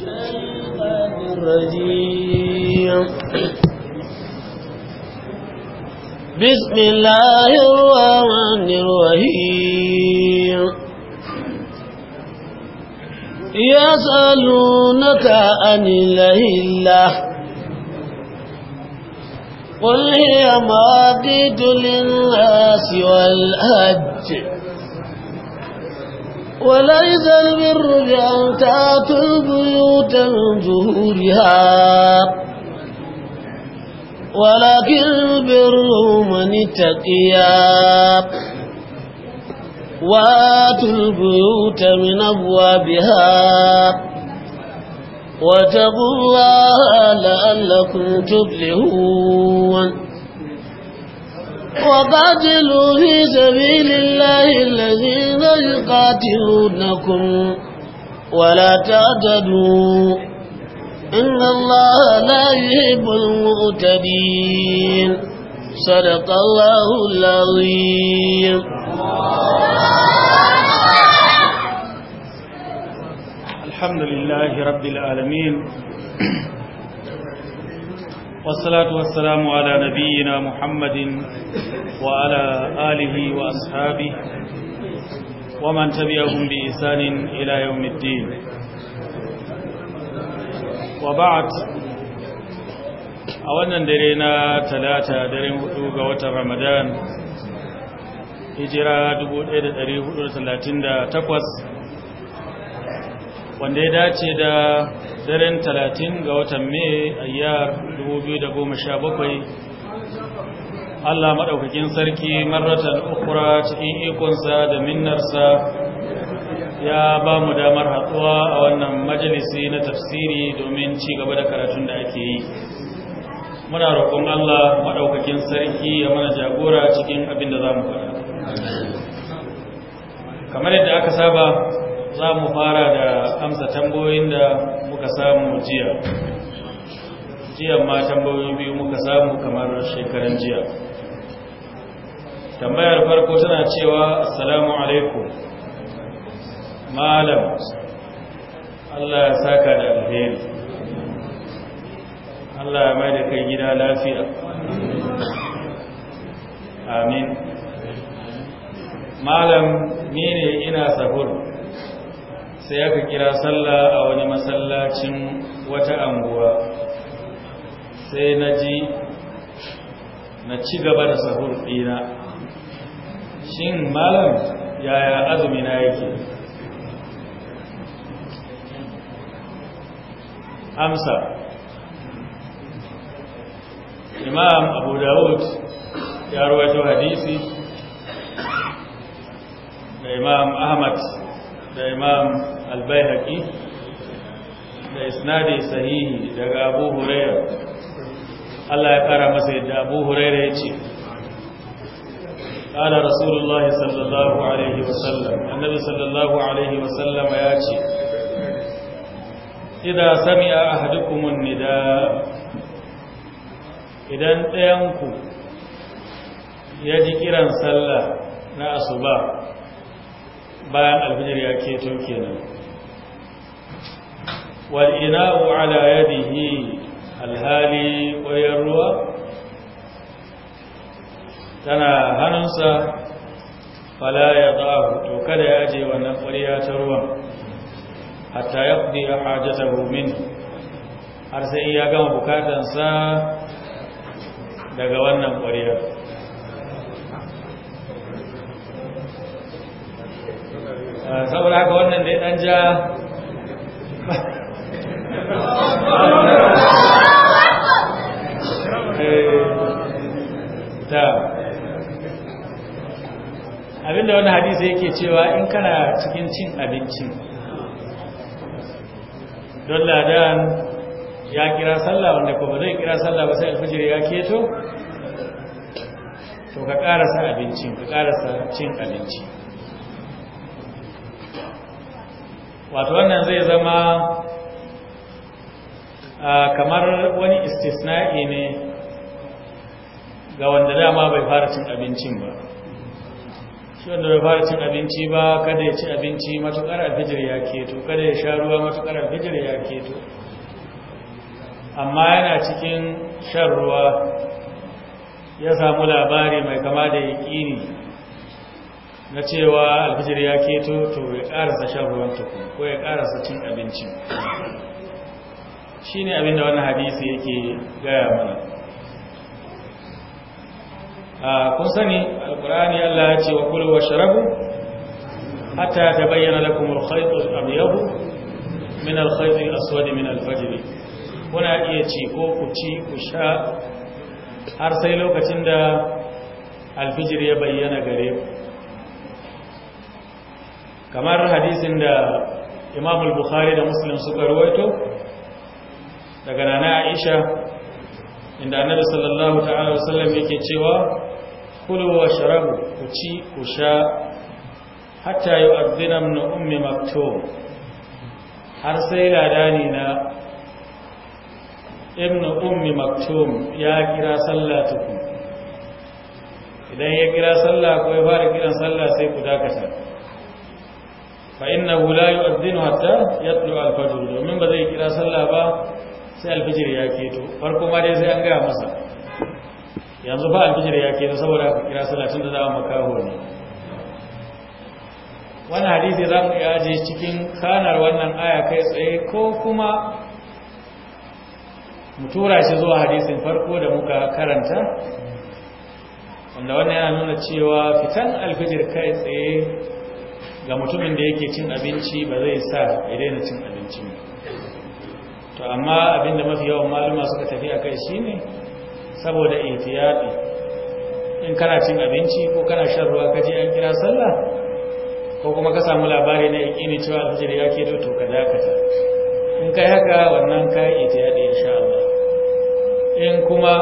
الشيطان الرجيم بسم الله الرحمن الرحيم يسألونك عن الله الله قل هي مواقيت للناس والحج وليس البر بأن تأتوا البيوت من ظهورها ولكن البر من اتقيا وآتوا البيوت من أبوابها واتقوا الله لعلكم تفلحون وقاتلوا في سبيل الله الذين يقاتلونكم ولا تعتدوا إن الله لا يحب المعتدين صدق الله العظيم الحمد لله رب العالمين wasalatu wasalamu ala nabiyina muhammadin wa ala alihi wa ashabi wa man tabi'ahum bi isanin ila yawmiddin wa ba'd a wannan dare na talata daren hudu ga watan ramadan hijira 1438 wanda ya dace da daren 30 ga watan mai ayyar 2017 Allah maɗaukakin sarki maratan ukura cikin ikonsa da minnarsa ya ba mu damar haɗuwa a wannan majalisi na tafsiri domin ci gaba da karatun da ake yi muna roƙon Allah maɗaukakin sarki ya mana jagora cikin abin da za mu kamar yadda aka saba za mu fara da amsa tambayoyin da muka samu jiya jiya ma tambayoyi biyu muka samu kamar shekaran jiya tambayar farko tana cewa assalamu alaikum malam Allah ya saka da alheri Allah ya mai da kai gida lafiya amin malam ni ne ina sahur sai aka kira sallah a wani masallacin wata anguwa sai na ji na ci gaba da sahur ɗina shin malam yaya na yake amsa imam abu dawud ya ruwaito hadisi da imam ahmad da imam albayhaki da isnadi sahihi daga abu huraira Allah ya kara masa yadda abu huraira yace. ce ƙada rasulullah sallallahu alaihi wa sallam. annabi sallallahu alaihi wa wasallama ya ce idan sami a ahadukumun nida idan ɗayanku ya ji kiran sallah na asuba bayan alfijir ya ke kenan wal'ina'u ya yadihi alhali ƙwayar ruwa tana hannunsa fala ya zahu to kada ya je wannan ƙwariya ta ruwa. hatta ya kudi a hajjata har sai ya gama bukatansa daga wannan ƙwariya saboda haka wannan dai ɗan ja Eh, abinda wani hadisi yake cewa in kana cikin cin abinci don ladan ya kira sallah wanda kuma zai kira sallah ba sai alfijir ya keto to ka karasa abinci ka karasa cin abinci wato wannan zai zama Ah, kamar wani istisna'i ne ga wanda dama bai fara cin abincin ba shi wanda bai fara cin abinci ba kada ya ci abinci matukar alfijir ya keto kada ya sha ruwa matukar alfijir ya keto amma yana cikin shan ruwa ya samu labari mai kama da yaƙini na cewa alfijir ya keto to ya ƙarasa shan ruwan tukun ko ya ƙarasa cin abinci shine abin da wannan hadisi yake gaya mana a kun sani Allah ya ce wa kulu washrabu Hata ta bayyana al kuma al-abyad min al-khayt min al kuna iya ci ko ku ci ku sha har sai lokacin da alfijir ya bayyana gare ku kamar hadisin da imam al-bukhari da muslim suka ruwaito daga nana aisha inda annabi sallallahu ta'ala wasallam yake cewa kulu wa sharabu ku ci ku sha hatta yu'adhdhina min ummi maktum har sai ladani na ibn ummi maktum ya kira sallatukum idan ya kira sallah ko ya fara kiran sallah sai ku dakata fa innahu la yu'adhdhinu hatta yatlu al-fajr domin ba zai kira sallah ba sai alfijir ya keto farko ma dai sai an gaya masa yanzu ba alfijir ya keto saboda aka kira salatin da za a makaho ne wani hadisi za mu iya ajiye cikin kanar wannan aya kai tsaye ko kuma mu tura shi zuwa hadisin farko da muka karanta wanda wannan yana nuna cewa fitan alfijir kai tsaye ga mutumin da yake cin abinci ba zai sa ya daina cin abinci ba to amma abinda mafi yawan maluma suka tafi a kai ne saboda ihtiyadi in kana cin abinci ko kana shan ruwa kaje an kira sallah ko kuma ka samu labari na yakini cewa alfijir ya ke to ka dakata in kai haka wannan kai ihtiyadi insha Allah in kuma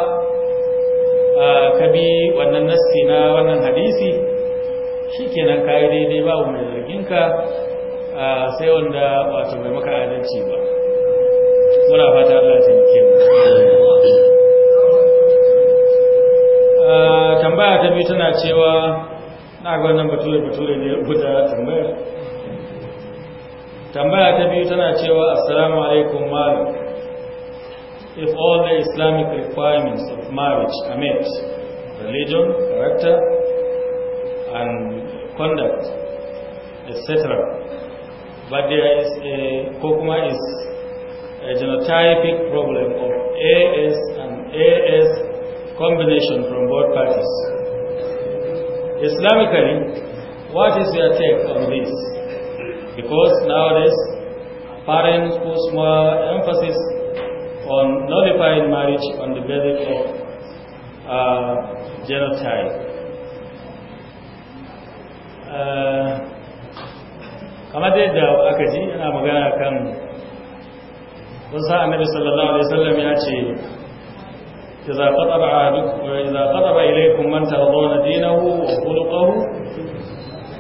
ka bi wannan nassi na wannan hadisi Shi ka yi daidai ba mai zargin sai wanda wato bai maka adalci ba muna fata Allah ya taimake mu ah, tambaya ta biyu tana cewa na ga wannan bature bature ne guda tambayar tambaya ta biyu tana cewa assalamu alaikum malam if all the islamic requirements of marriage are met religion character and conduct etc but there is a kokuma is a genotypic problem of AS and AS combination from both parties. Islamically, what is your take on this? Because nowadays, parents put more emphasis on nullifying marriage on the basis of uh, genotype. Uh, kamar da aka ji yana magana kan kun sa annabi sallallahu alaihi wasallam ya ce idza qadaba ahadukum idza qadaba ilaykum man tardawna dinahu wa khuluquhu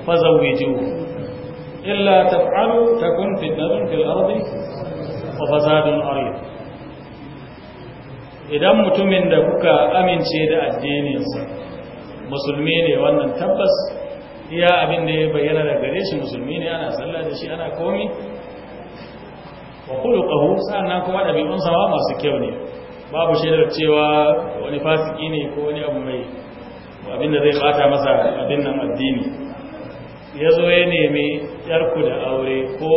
fazawwijuhu illa taf'alu takun fitnatun fil ardi wa fasadun arid idan mutumin da kuka amince da addininsa musulmi ne wannan tabbas iya abin da ya bayyana da gare shi musulmi ne ana sallah da shi ana komi wa khuluquhu sannan kuma ɗabi'un sama masu kyau ne babu shaidar cewa wani fasiki ne ko wani abu mai abin da zai bata masa abin nan addini ya zo ya nemi yarku da aure ko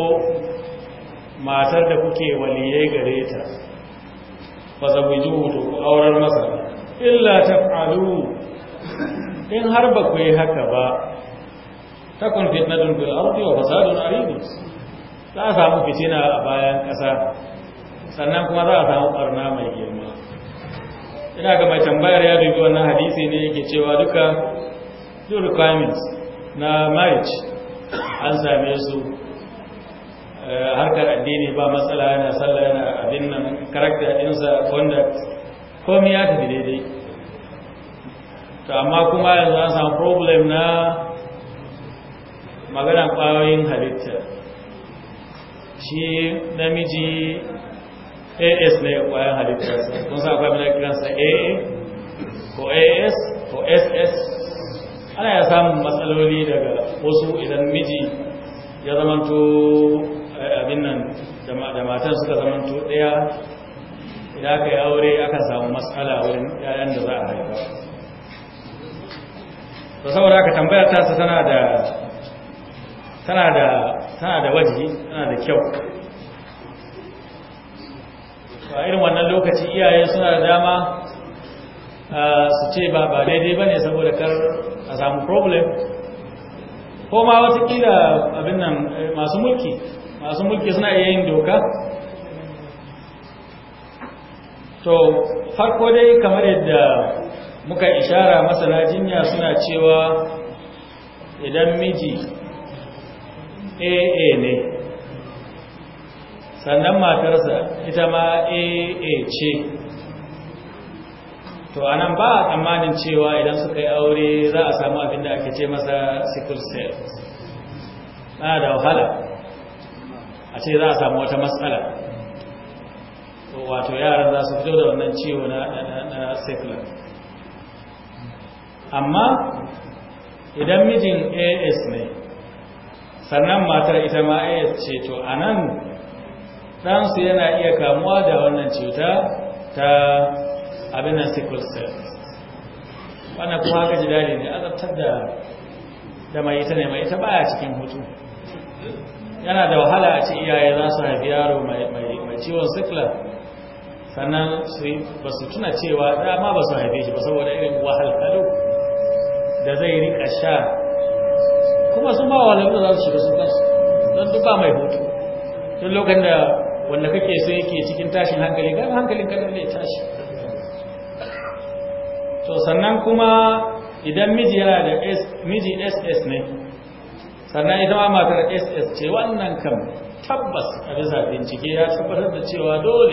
matar da kuke waliye gare ta mu ji hutu ku aurar masa illa taf'alu in har ba ku yi haka ba takun fitnatun bil wa fasadun arid za a samu fitina a bayan ƙasa sannan kuma za a samu ɓarna mai girma ina ga mai tambayar ya dubi wannan hadisi ne yake cewa duka duk requirements na marriage an same su eh, harkar addini ba matsala yana sallah yana abin nan karakta ɗinsa conduct, komi ya tafi daidai to amma kuma yanzu an samu problem na maganan ƙwayoyin halitta shi namiji as ne kwayan halittarsa kun sa akwai mana kiransa aa ko as ko ss ana ya samun matsaloli daga wasu idan miji ya zamanto eh, abin nan da matan suka zamanto ɗaya idan aka yi aure aka samu matsala wurin yayan da za a haifa da saboda aka tambayar tasa tana da tana da waje tana da kyau a irin wannan lokaci iyaye suna da dama su ce ba ba daidai ba ne saboda kar a samu problem ko ma watakila abin nan eh, masu mulki masu mulki suna iya yin doka to farko dai kamar yadda muka ishara masana jinya suna cewa idan miji aa ne sannan matarsa ita ma aa ce to anan ba a tsammanin cewa idan suka yi aure za a samu abin ake ce masa sickle cell ana da wahala a ce za a samu wata matsala wato yaran za su fito da wannan ciwo na sickle amma idan mijin as ne sannan matar ita ma ya ce to a nan ɗansu yana iya kamuwa da wannan cuta ta abinan sickle cell wannan kuma haka ji dadi ne azabtar da mai ita ne mai ita baya cikin hutu yana da wahala a ci iyaye za su haifi yaro mai ciwon sickle. sannan ba su tuna cewa dama ba su haife shi ba saboda irin wahalhalu da zai rika sha kuma sun ba wa da za su shiga sun kansu don duk mai hutu tun lokacin da wanda kake so yake cikin tashin hankali kan hankalin kan ne tashi to sannan kuma idan miji yana da miji ss ne sannan ita ma matar ss ce wannan kam tabbas a bisa bincike ya tabbatar da cewa dole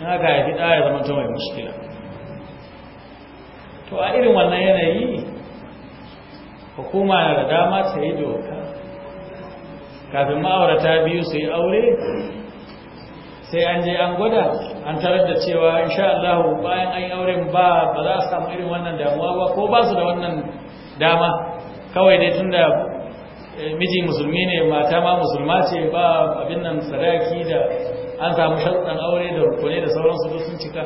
in aka haifi ɗaya zama ta mai mushkila to a irin wannan yanayi hukuma na da dama ta yi doka kafin ma'aurata biyu su yi aure sai an je an gwada an tarar da cewa insha Allah bayan an yi auren ba ba za a samu irin wannan damuwa ba ko ba su da wannan dama kawai dai tun da eh, miji musulmi ne mata ma musulma ce ba abin nan sadaki da an samu sharuɗan aure da rukune da sauransu duk sun cika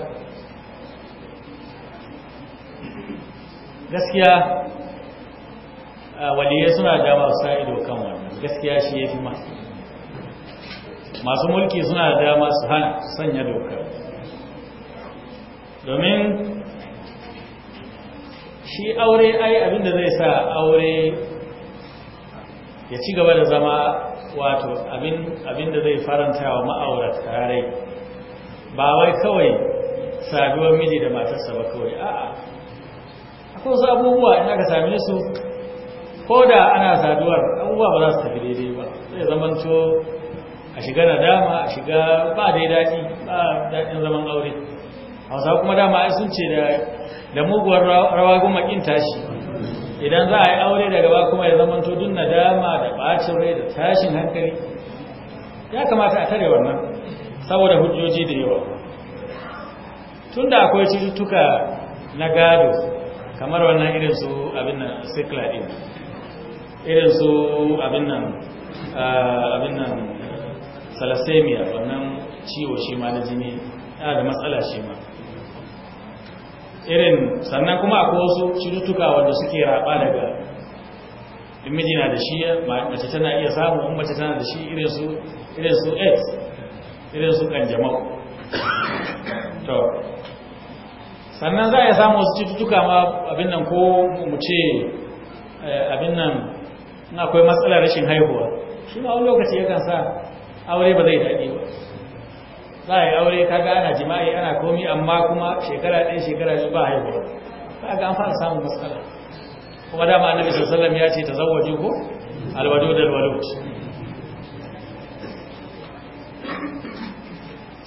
gaskiya waliyai suna da su ido kan wannan gaskiya shi ya fi ma masu mulki suna da dama su hana sanya doka domin shi aure ai abinda zai sa aure ya ci gaba da zama wato abinda zai faranta wa ma'aurata rai ba wai kawai sabuwar miji da matarsa ba kawai a akwai wasu abubuwa ina aka same su ko da ana saduwar abubuwa ba za su tafi daidai ba zai zamanto a shiga nadama a shiga ba dai daɗi ba daɗin zaman aure hausa kuma dama ai sun ce da muguwar rawa goma ƙin tashi idan za a yi aure daga ba kuma ya zamanto dun nadama da ɓacin rai da tashin hankali ya kamata a tare wannan saboda hujjoji da yawa tun da akwai cututtuka na gado kamar wannan irin su abin na sikla ɗin irin su abin nan abin nan wannan ciwo shi ma na jini yana da matsala shi ma irin sannan kuma akwai wasu cututtuka wanda suke raba daga in na da shi mace tana iya samu in mace tana da shi irin su irin aids irin su kanjamau to sannan za a samu wasu cututtuka ma abin nan ko mu ce eh, abin nan in akwai matsalar rashin haihuwa shi ma wani lokaci yakan sa aure ba zai daɗe ba za a yi aure kaga ana jima'i ana komi amma kuma shekara ɗaya shekara ba haihuwa ga an fara samun matsala kuma dama annabi sallallahu ya ce waje ko alwadu da alwalud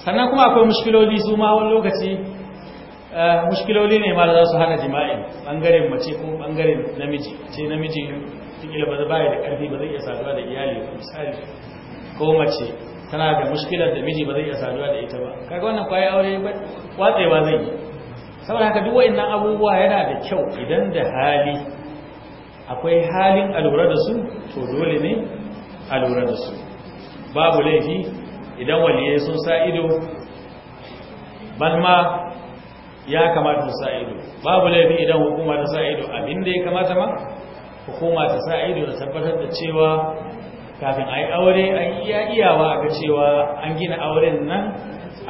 sannan kuma akwai mushkiloli su ma wani lokaci Eh, mushkiloli ne mara za su hana jima'i bangaren mace ko bangaren namiji ce namiji tukila ba baya da karfi ba zai iya saduwa da iyali misali ko mace tana da mushkilar da miji ba zai iya saduwa da ita ba kaga wannan kwaye aure watsewa zai yi saboda haka duk nan abubuwa yana da kyau idan da hali akwai halin alura da su to dole ne alura da su babu laifi idan waliyai sun sa ido ban ma ya kamata mu sa ido babu laifi idan hukuma ta sa ido abin da ya kamata ma hukuma ta sa ido da tabbatar da cewa kafin a aure an iya iyawa ga cewa an gina auren nan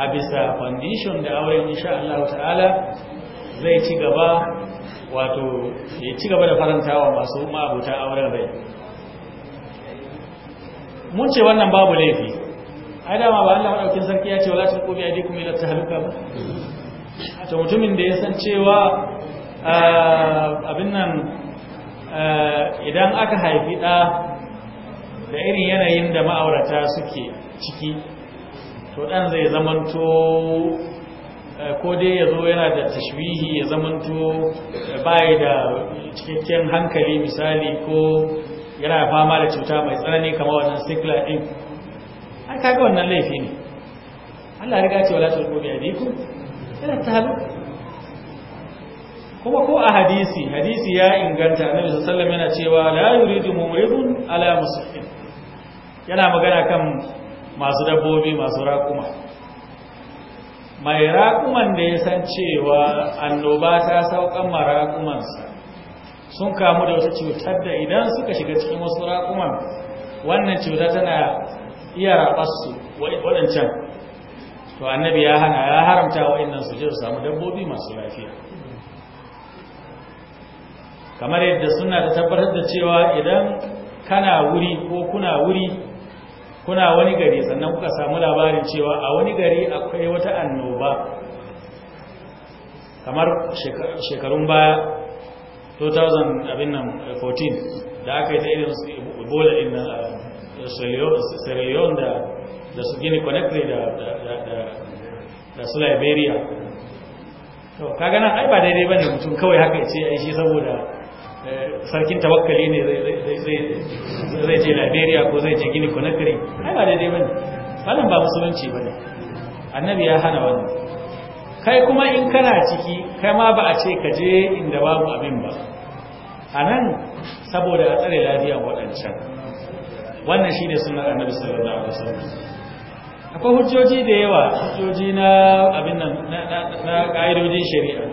a bisa condition da auren insha Allah ta'ala zai ci gaba wato ya ci gaba da farantawa masu ma'abuta auren rai mun ce wannan babu laifi ai dama ba Allah madaukin sarki ya ce wala tasqubi aidikum ila tahluka to mutumin da ya san cewa abin nan idan aka haifi ɗa da irin yanayin da ma'aurata suke ciki to ɗan zai zamanto ko dai ya zo yana da tashwihi ya zamanto bayi da cikakken hankali misali ko yana fama da cuta mai tsanani kama wannan sikla ɗin an kaga wannan laifi ne Allah riga ce wala rubu bi aydikum kuma ko a hadisi hadisi ya inganta annabi sallallahu yana cewa la yuridu mumridun ala musafir yana magana kan masu dabbobi masu raƙuma mai raƙuman da ya san cewa annoba ta saukan maraƙumansa sun kamu da wata cutar da idan suka shiga cikin wasu raƙuman wannan cuta tana iya raɓarsu waɗancan to annabi ya hana ya haramta wa'annan su je su samu dabbobi masu lafiya kamar yadda suna ta tabbatar da cewa idan kana wuri ko kuna wuri kuna wani gari sannan kuka samu labarin cewa a wani gari akwai wata annoba kamar shekarun baya 2014 da aka yi ta irin ebola din na uh, da da su gini conakry da su liberia to kaga nan ai ba daidai bane mutum kawai haka ce ai shi saboda eh, sarkin tawakkali ne zai je liberia ko zai je gini conakry ai ba daidai bane wannan ba musulunci bane annabi ya hana wannan kai kuma in kana ciki kai ma ba a ce ka je inda babu abin ba a nan saboda a tsare lafiyar waɗancan wannan shi ne sunan annabi sallallahu alaihi wasallam akwai hujjoji da yawa hujjoji na abin nan na ƙa'idojin shari'a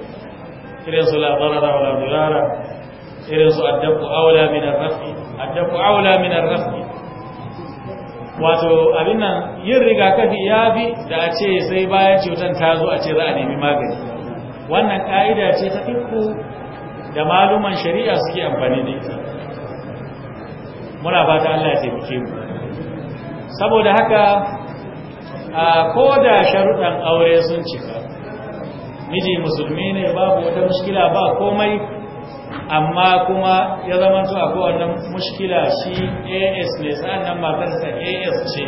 irin su labarara wa labarara irin su addaku aula min arrafi addaku aula min arrafi wato abin nan yin rigakafi ya fi da a ce sai bayan cutar ta zo a ce za a nemi magani wannan ƙa'ida ce ta fiku da maluman shari'a suke amfani da ita muna fata Allah ya taimake mu saboda haka a ko da sharuɗan aure sun cika miji musulmi ne babu wata mushkila ba komai amma kuma ya zama su a kowannan mushkila shi as ne sa'annan matarsa as ce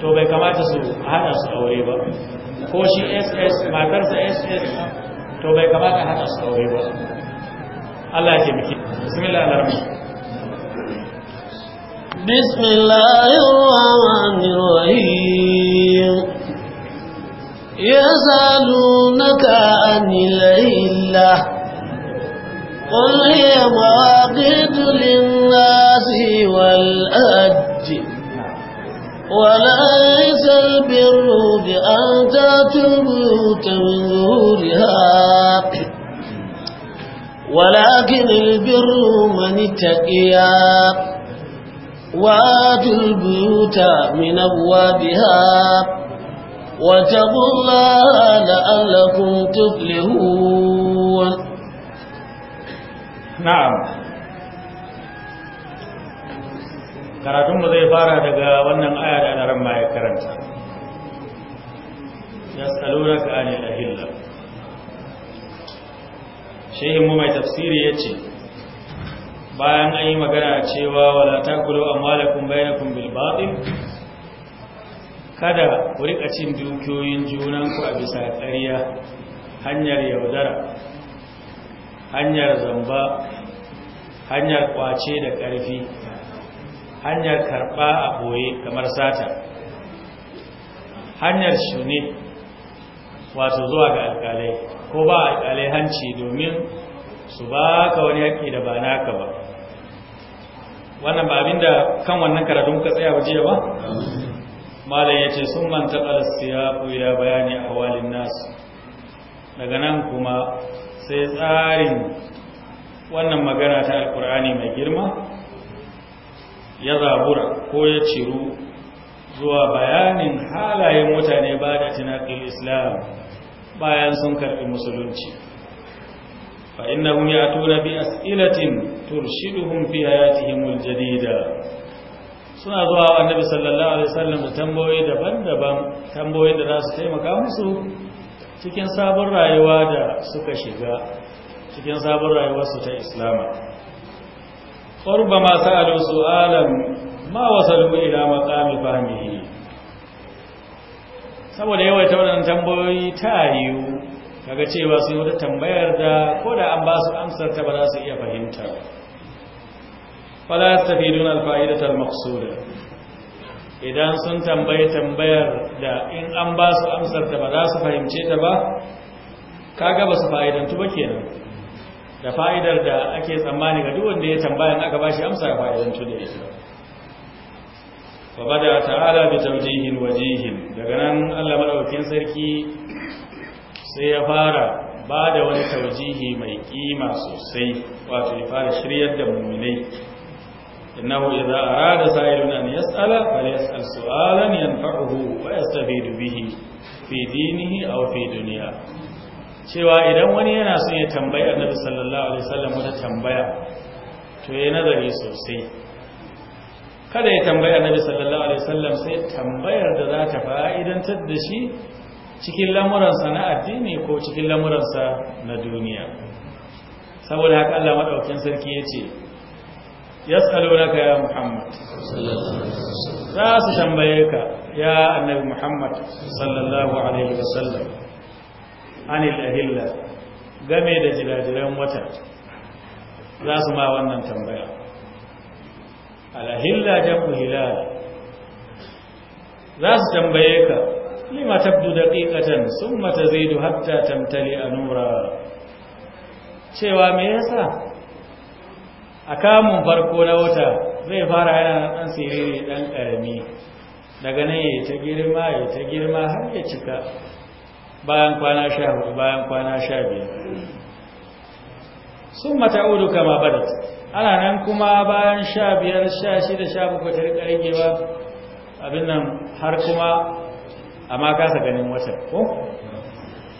to bai kamata su hana su aure ba ko shi ss matarsa ss to bai kamata hana su aure ba Allah ya miki bismillah alarmi بسم الله الرحمن الرحيم يسألونك عن العلة قل هي مواقيت للناس والأج وليس البر بأن تأتوا البيوت من ظهورها ولكن البر من اتقيا وآتوا البيوت من أبوابها واتقوا الله لعلكم تفلحون نعم karatunmu zai fara daga wannan aya da ran ma ya karanta ya tsalura ka ne da hillar mu mai tafsiri ya ce bayan an yi magana cewa wala takulu amwalakum bainakum bil batil kada ku rika cin dukiyoyin junanku a bisa ƙarya hanyar yaudara hanyar zamba hanyar kwace da ƙarfi hanyar karɓa a boye kamar sata hanyar shune wato zuwa ga alƙalai ko ba alƙalai hanci domin su ba ka wani haƙƙi da ba naka ba wannan ba abinda kan wannan karatun ka tsaya waje ba malam ya ce sun manta ƙarsu ya bayani a walin nasu daga nan kuma sai tsarin wannan magana ta alkur'ani mai girma ya zabura ko ya ciro zuwa bayanin halayen mutane ba da tunakin islam bayan sun karɓi musulunci fa'in na hun ya tura bi as'ilatin turshiduhun fi hayatihimul jadida suna zuwa annabi sallallahu alaihi wasallam da daban-daban tamboyi da za su taimaka musu cikin sabon rayuwa da suka shiga cikin sabon rayuwarsu ta islama qurba ma sa'alu su'alan ma wasalu ila maqami fahmihi saboda ta wannan tambayoyi ta yiwu kaga cewa sun yi wata tambayar da ko da an ba su amsar ta ba za su iya fahimta fala yastafiduna alfa'idata almaqsuda idan sun tambaye tambayar da in an ba su amsar ta ba za su fahimce ta ba kaga ba su fa'idantu ba kenan da fa'idar da ake tsammani ga duk wanda ya tambaya aka ba shi amsa ya fa'idantu da ita wa bada ta'ala bi tawjihin wajihin daga nan Allah madaukakin sarki sai ya fara ba da wani tawjihi mai kima sosai wato ya fara shiryar da mu'minai إنه إذا أراد سائل أن يسأل فليسأل سؤالا ينفعه ويستفيد به في دينه أو في دنيا cewa إذا wani yana son ya tambaya annabi sallallahu alaihi wasallam wata tambaya to yayi nazari kada ya tambaya Nabi sallallahu alaihi wasallam sai tambayar da za ta fa'idantar da shi cikin lamuran sa na addini ko cikin lamuran sa na duniya saboda haka Allah madaukakin sarki yace yas'alunaka ya muhammad za su tambaye ka ya annabi muhammad sallallahu alaihi wasallam anil ahilla game da jilajilan wata za su ma wannan tambaya alahilla jamu hilal za su tambaye ka lima tabdu daqiqatan summa tazidu hatta tamtali anura cewa me yasa a kamun farko na wata zai fara yana ɗan siriri ɗan ƙarami daga nan ya ta girma ya ta girma har ya cika bayan kwana sha hudu bayan kwana sha biyar sun mata udu kama badat ana nan kuma bayan sha biyar sha shida sha bukwa ta riƙa ba. abin nan har kuma a ma kasa ganin wata ko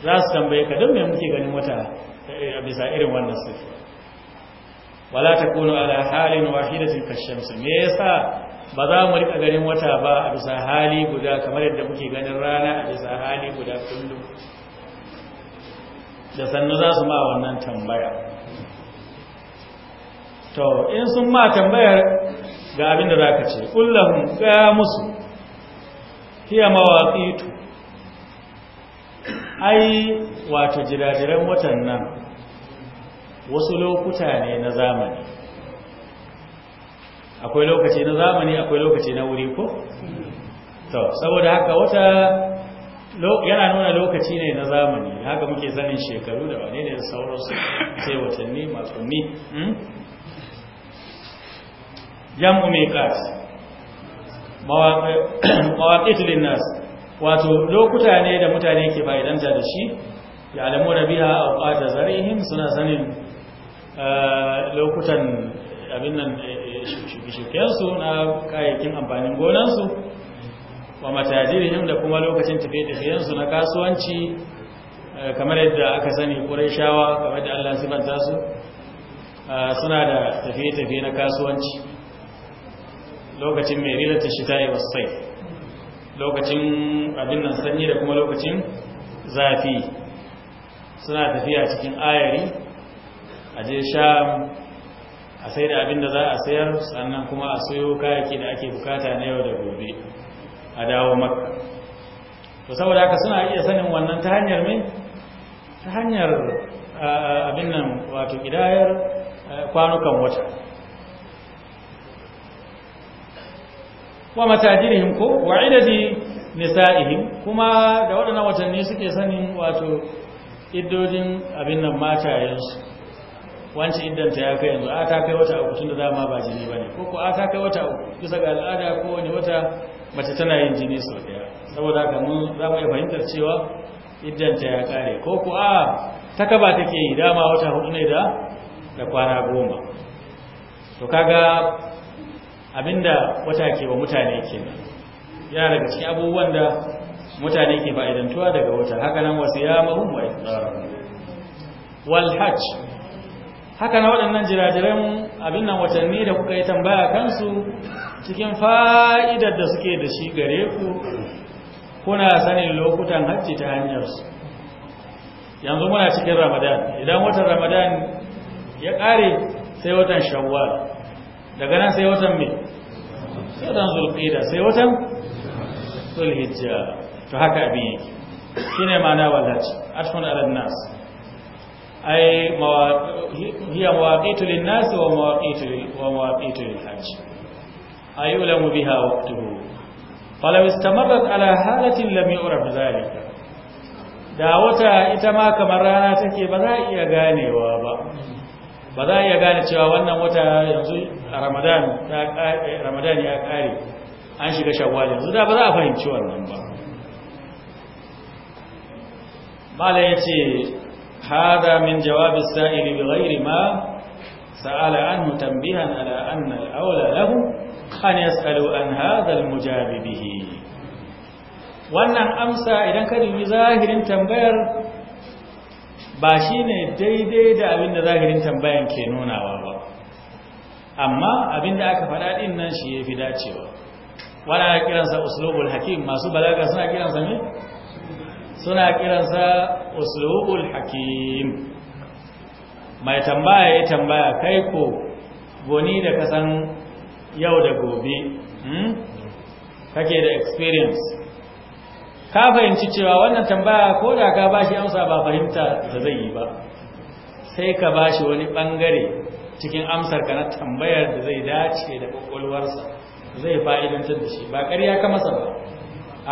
za su tambaye ka don me muke ganin wata a eh, bisa irin wannan sifa wala ta takunu ala halin wahidatin kashamsi me yasa ba za mu rika ganin wata ba a bisa hali guda kamar yadda muke ganin rana a bisa hali guda kullum da sannu za su ma wannan tambaya to in sun ma tambayar ga abin da za ka ce kullum gaya musu hiya mawaƙitu ai wato jirajiran watan nan wasu lokuta ne na zamani akwai lokaci na zamani akwai lokaci na wuri ko to saboda haka wata yana nuna lokaci ne na zamani haka muke sanin shekaru da wane ne da sauransu sai watanni makonni hmm? jam'u miqat tulin nasu, wato lokuta ne da mutane ke fa'idanta da shi ya alamu rabiha awqat zarihim suna sanin Eh, lokutan abin nan eh, eh, shuke-shukensu na kayayyakin amfanin gonansu wa matajirihim da kuma lokacin tafiye-tafiyensu na kasuwanci kamar yadda aka sani shawa kamar da Allah sifanta su suna da tafiye-tafiye na kasuwanci lokacin mai rilata ta yi wasai lokacin abin nan sanyi da kuma lokacin zafi suna tafiya cikin ayari Aje sha sham a sai da abin da za a sayar sannan kuma a soyo kayaki da ake bukata na yau da gobe a dawo makka to saboda haka suna iya sanin wannan ta hanyar mai ta hanyar abin nan wato kidayar kwanukan wata wa matajirihim ko wa idadi nisa'ihim kuma da waɗannan watanni suke sanin wato iddodin abin nan matayensu wancan iddanta ya kai yanzu a ta kai wata uku tun da dama ba jini ba ne ko a ta kai wata uku bisa ga al'ada ko wani wata mace tana yin jini sau daya saboda haka mun za mu iya fahimtar cewa iddanta ya kare ko a ta kaba take yi dama wata hudu ne da da kwana goma to kaga abinda wata ke wa mutane ke nan, yana daga cikin abubuwan da mutane ke fa'idantuwa daga wata haka nan wasu ya mahimmanci wal hajj haka na waɗannan jiragen abin nan watanni da kuka yi tambaya kansu cikin fa'idar da suke da shi gare ku kuna sanin lokutan hajji ta hanyarsu yanzu muna cikin ramadan idan watan ramadan ya ƙare sai watan shawwal daga nan sai watan mai sai watan Zulqida, sai watan zulhijja to haka abin yake shi ne ma na wallaci ashman alannas ai hiya mawaqitu lin-nas wa mawaqitu wa mawaqitu lil-hajj ayulamu biha waqtuhu falau istamarrat ala halatin lam yu'raf dhalika da wata ita ma kamar rana take ba za a iya ganewa ba ba za a iya gane cewa wannan wata yanzu ramadan ramadan ya kare an shiga shawwal yanzu da ba za a fahimci wannan ba mala yace هذا من جواب السائل بغير ما سأل عنه تنبيها على أن الأولى له أن يسألوا عن هذا المجاب به wannan amsa idan ka dubi zahirin tambayar ba shi ne daidai da abinda zahirin tambayan ke nunawa ba amma abinda aka faɗa ɗin nan shi ya fi dacewa wani ana kiransa uslubul hakim masu balaga suna kiransa ne suna kiransa uslubul hakim mai tambaya ya tambaya kai ko goni da kasan yau da gobe hmm? kake da experience ka fahimci cewa wannan tambaya ko da ka bashi amsa ba fahimta da zai yi ba sai ka bashi wani bangare cikin amsar ka na tambayar da zai dace da kwakwalwarsa zai fa'idantar da shi ba ƙarya ka masa ba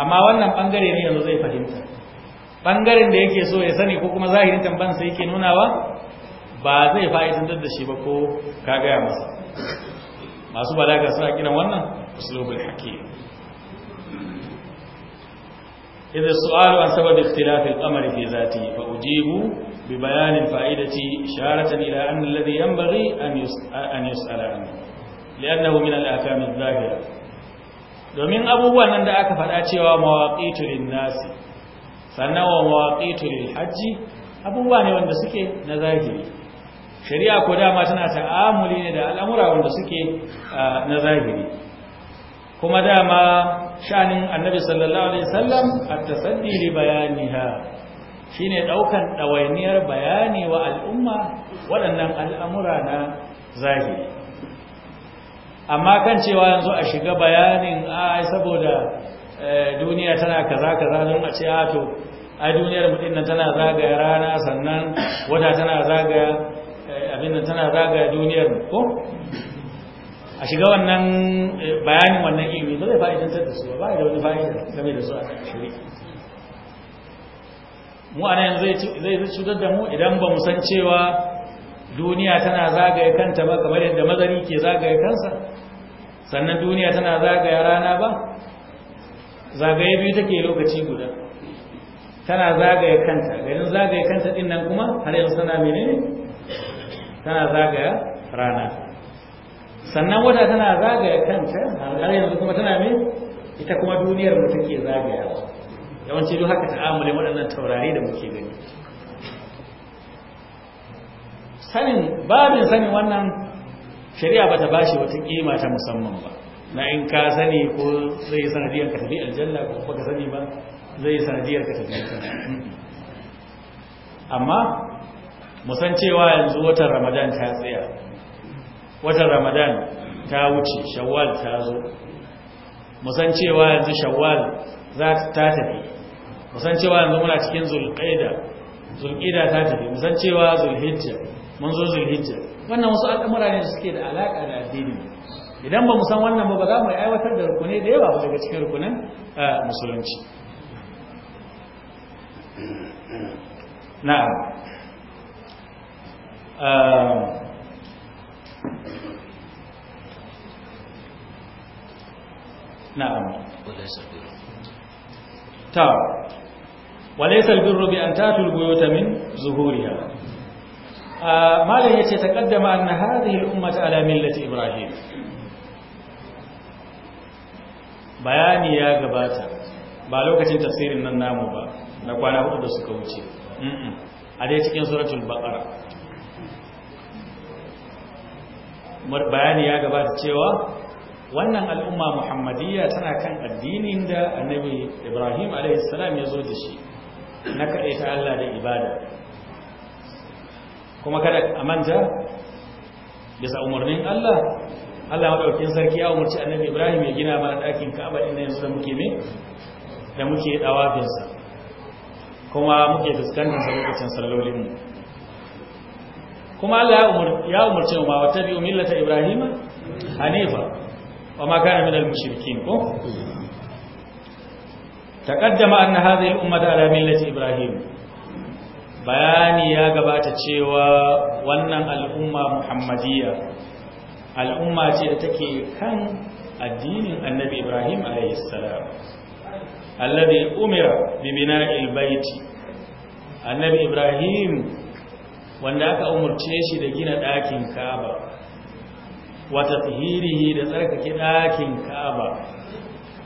amma wannan bangare ne yanzu zai fahimta bangaren da yake so ya sani ko kuma zahirin tamban sai yake nunawa ba zai fa'idantar da shi ba ko ka gaya masa masu balaga suna kiran wannan uslubul hakim إذا السؤال عن سبب اختلاف الأمر في ذاته فأجيب ببيان الفائدة إشارة إلى أن الذي ينبغي أن يسأل عنه لأنه من الآثام zahira. domin abubuwan nan da aka faɗa cewa mawaƙitu nasi. sannan wa waqitu lil hajji abubuwa ne wanda suke na zahiri shari'a ko dama tana ta'amuli ne da al'amura wanda suke na zahiri kuma dama shanin annabi sallallahu alaihi wasallam at-tasaddi li bayaniha shine daukan dawainiyar bayani wa al'umma waɗannan al'amura na zahiri amma kan cewa yanzu a shiga bayanin ai saboda Eh, duniya tana kaza kaza don a ce ato ah, a duniyar mutum nan tana zagaya rana sannan wata tana zagaya eh, abin tana zagaya duniyar ko a shiga wannan eh, bayanin wannan ilimi ba zai fa'idantar da su ba ba da wani fa'ida game da su a shirin. mu a nan zai cutar da mu idan ba mu san cewa duniya tana zagaya kanta ba kamar yadda mazari ke zagaya kansa sannan duniya tana zagaya rana ba zagaye biyu take lokaci guda tana zagaye kanta ganin zagaye kanta din nan kuma har yanzu tana menene tana zagaya rana sannan wata tana zagaya kanta har yanzu kuma tana mene ita kuma duniyar mu take zagaya yawanci duk haka ta'amulin waɗannan taurari da muke gani sanin babin sanin wannan shari'a bata bashi wata kima ta musamman ba na in ka sani ko zai sanadiyar ka tafi aljanna ko ba ka sani ba zai sanadiyar ka tafi aljanna amma musan cewa yanzu watan ramadan ta tsaya watan ramadan ta wuce shawwal ta zo musan cewa yanzu shawwal za ta tafi musan cewa yanzu muna cikin zulqaida zulqaida ta tafi musan cewa zulhijja mun zo zulhijja wannan wasu al'amura ne suke da alaka da addini idan ba mu san wannan ba ba za mu aiwatar da rukunai da yawa daga cikin rukunan eh, musulunci na'am eh, na'am ta walaisal birru bi an tatul buyuta min zuhuriya eh, malam yace taqaddama anna hadhihi al-ummah ala millati ibrahim bayani ya gabata ba lokacin tafsirin nan namu ba na kwana hudu da suka wuce a dai cikin suratul baqara bayani ya gabata cewa wannan al'umma muhammadiyya tana kan addinin da annabi ibrahim salam ya zo da shi na ta allah da ibada kuma kada a manta bisa umarnin allah Allah madaukakin sarki ya umarci annabi Ibrahim ya gina mana ɗakin Ka'aba inda yanzu da muke me da muke dawafin sa kuma muke fuskantar sa lokacin sallolin mu kuma Allah ya umarci mu ma wata bi millata Ibrahim hanifa wa ma kana al mushrikin ko taqaddama anna hadhihi al-ummata ala millati Ibrahim bayani ya gabata cewa wannan al'umma muhammadiyya al'umma ce da take kan addinin annabi ibrahim alaihissalam alladhi umira bi bina'il annabi ibrahim wanda aka umarce shi da gina ɗakin kaba wata tahirihi da tsarkake ɗakin kaba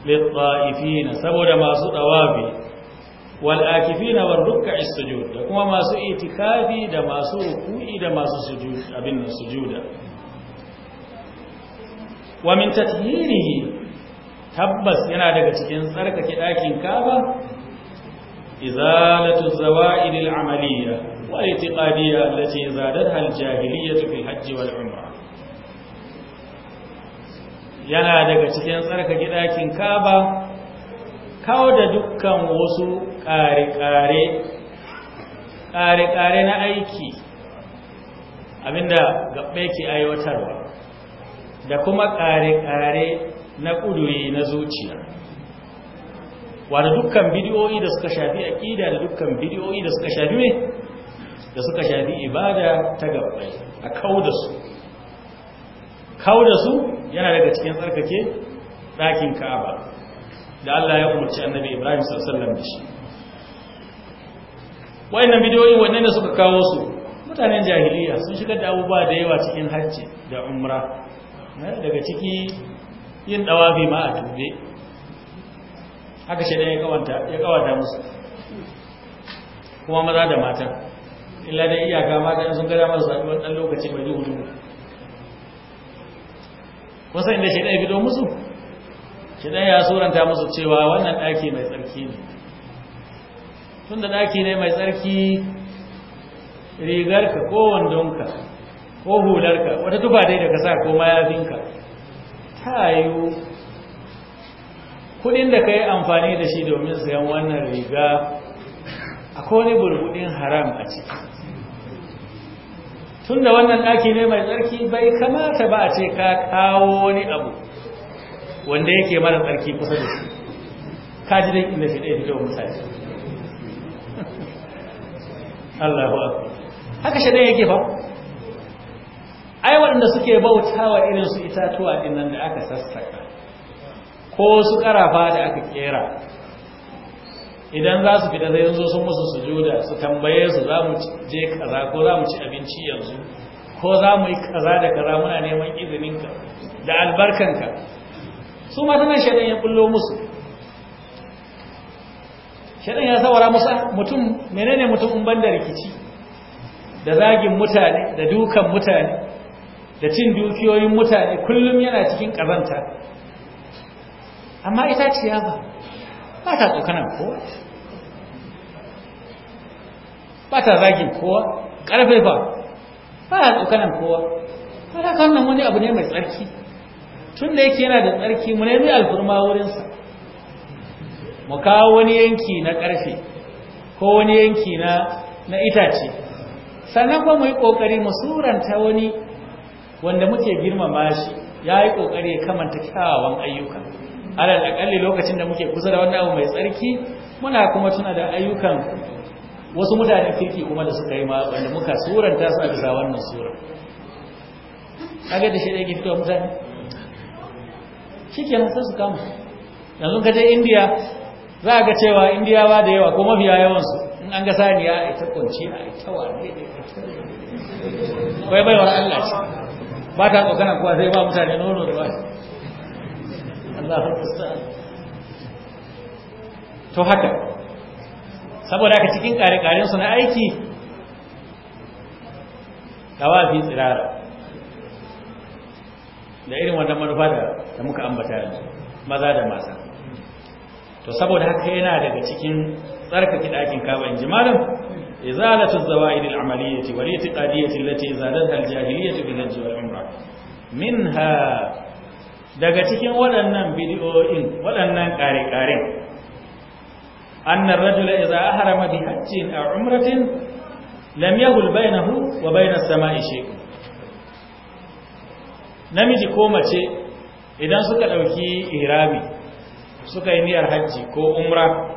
للطائفين saboda masu dawabi wal akifina wal ruk'i da kuma masu itikafi da masu ruku'i da masu abin sujuda wa min tathhirihi tabbas yana daga cikin tsarkake dakin kaba izalatu zawa'id amaliyya wa i'tiqadiyya allati zadatha al-jahiliyyah al hajj wal umrah yana daga cikin tsarkake dakin kaba kawo da dukkan wasu kare-kare na aiki abinda gaɓe ke aiwatarwa da kuma kare-kare na ƙuduri na zuciya wadda dukkan bidiyoyi da suka shafi aƙida da dukkan bidiyoyi da suka shafi ne da suka shafi ibada ta gabbai a kau da su kau da su yana daga cikin tsarkake ɗakin ka'aba da Allah ya umarci annabi Ibrahim sallallahu da shi wayannan bidiyoyi wannan da suka kawo su mutanen jahiliya sun shigar da abubuwa da yawa cikin hajji da umra Eh, daga ciki yin dawafi ma a tube haka shi ya kawata musu kuma maza da mata illa da iyaka mata sun gada masu saduwa ɗan lokaci mai duhu duhu kusa inda shi ɗaya fito musu shi ɗaya ya suranta musu cewa wannan ɗaki mai tsarki ne tun da ɗaki ne mai tsarki rigar ka ko wandonka ko hularka wata tuba dai da ka sa ko mayafinka ta yiwu kudin da ka yi amfani da shi domin sayan wannan riga akwai wani burbudin haram a ciki tun da wannan ɗaki ne mai tsarki bai kamata ba a ce ka kawo wani abu wanda yake mara tsarki kusa da shi kaji dai inda shi ɗaya fito mutane Allah haka shi shaɗan yake fa ai waɗanda suke bautawa irin su itatuwa din nan da aka sassaka ko su karafa da aka kera idan za su fita zai zo sun musu sujuda su tambaye su za mu je kaza ko za mu ci abinci yanzu ko za mu yi kaza da kaza muna neman izininka da albarkanka su ma tana shaɗan ya bullo musu shaɗan ya sawara musa mutum menene mutum in ban da rikici da zagin mutane da dukan mutane da cin dukiyoyin mutane kullum yana cikin ƙazanta amma ita ce yaba ba ta tsokanan kowa ba ta zagin kowa ƙarfe ba ba ta tsokanan kowa ba ta kannan wani abu ne mai tsarki tun da yake yana da tsarki mu nemi alfurma wurinsa mu kawo wani yanki na ƙarfe ko wani yanki na itace sannan kuma mu yi ƙoƙari mu suranta wani wanda muke girmama shi ya yi ƙoƙari ya kamanta kyawawan ayyuka alal akalli lokacin da muke kusa da wannan abu mai tsarki muna kuma tuna da ayyukan wasu mutanen kirki kuma da suka yi ma wanda muka suranta su a bisa wannan sura kaga da shi da yake fitowa mutane shikenan sai su kama yanzu ka je indiya za a ga cewa indiyawa da yawa ko mafiya yawansu in an ga saniya a ita kwanci a ita wa ne ne kwaiwaiwar allah ce ba ta tsokana kuwa zai ba mutane nono da wani Allah to haka saboda haka cikin ƙare-ƙarensu na aiki tawafi tsirara da irin wannan manufa da muka ambata yanzu maza da mata to saboda haka yana daga cikin tsarkake ɗakin kaba in ji malam izalatu zawaidil amaliyati wa i'tiqadiyyati allati zalatha al bil hajj wal minha daga cikin waɗannan bidiyoyin waɗannan ƙare-ƙaren annar rajula idza ahrama bi hajjin aw umratin lam yahul bainahu wa bainas sama'i shay'un namiji ko mace idan suka dauki ihrami suka yi niyyar hajji ko umra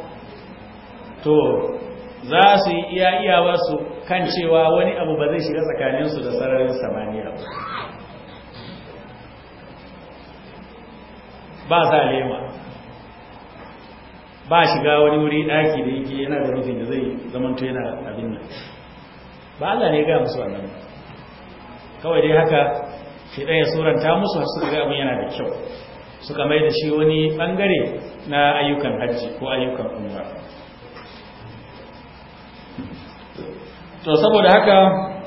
to za su iya iyawa su kan cewa wani abu ba zai shiga tsakaninsu da sararin samaniya ba ba sa lema ba shiga wani wuri daki da yake yana da rufin da zai zamanto yana abin nan ba Allah ne ga musu wannan kawai dai haka shi ya suranta musu har suka ga abin yana da kyau suka mai da shi wani bangare na ayyukan hajji ko ayyukan umra to saboda haka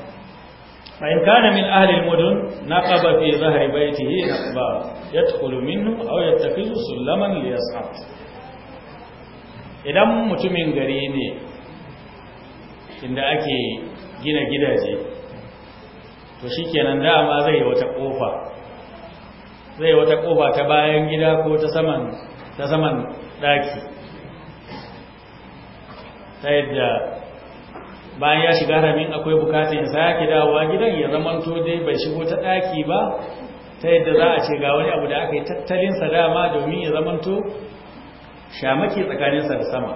fa’in kana min ahalin mudun na ƙaba fi zahari bai ta yi na ba ya tukulu minnu au ya tafi su sulaman liyasar idan mutumin gari ne inda ake gina gidaje to shi kenan dama zai wata ƙofa wata ƙofa ta bayan gida ko ta saman ɗaki ta yadda bayan ya shiga ramin akwai bukatar ya sake dawowa gidan ya zamanto dai bai shigo ta ɗaki ba ta yadda za a ce ga wani abu da aka yi tattalinsa dama domin ya zamanto shamaki tsakaninsa da sama